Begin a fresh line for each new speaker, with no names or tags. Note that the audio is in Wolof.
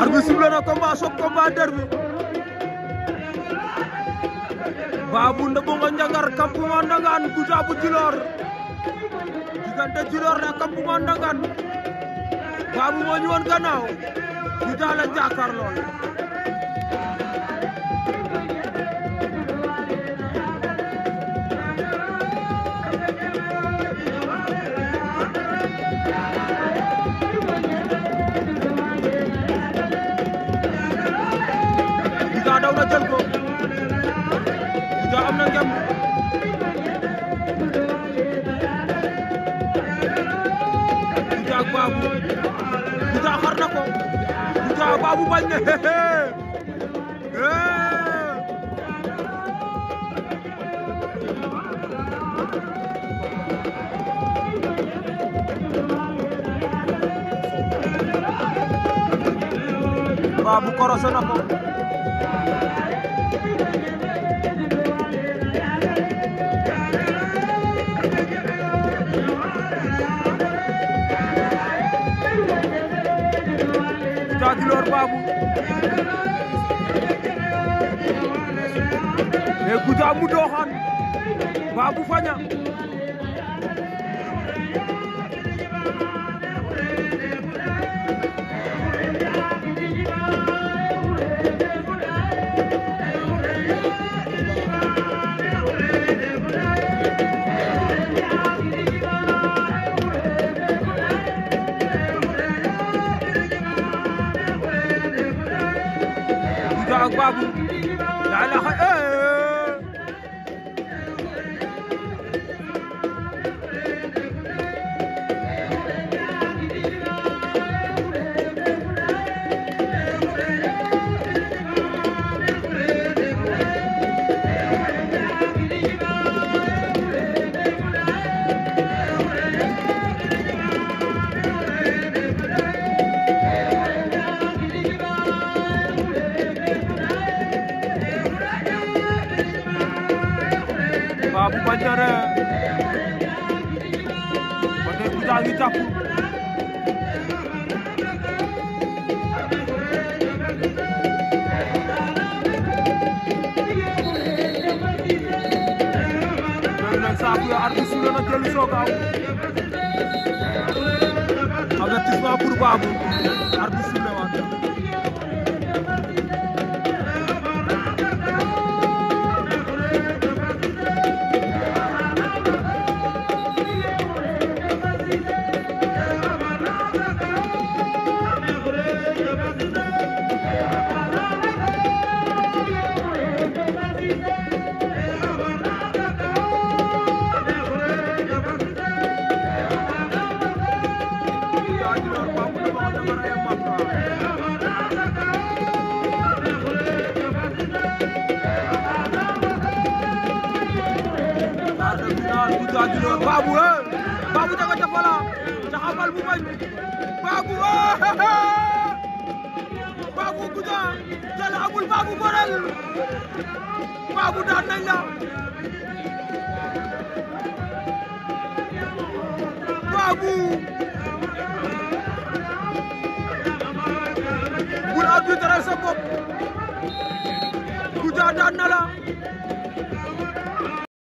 arbitre sifflé na combat choc combat derby Babou Ndebongo Ndiangar Campement Ndangane Goudiabou Djilor diggante Djilor na Campement Ndangane Babou moo ñu woon gannaaw Goudia la jàkkaarloo Gouta ak Babou Gouta xar na ko Gouta Babou bañ na hee Babou korose na ko a Bambilor Babou e Gouta mu doxaan Babou Fagna Babou tapu Bandiara ba tey Kouthia ngi tapu saakuya arbi suuna na telu soogaw avertissement pour Babou arbi suuna waat Babou eh, Babou Babou daga jafala taxawal bu bañ Babou eh, eh, Babou Gouda jël amul Babou boral Babou bu la du dara sa bopp Gouda daan na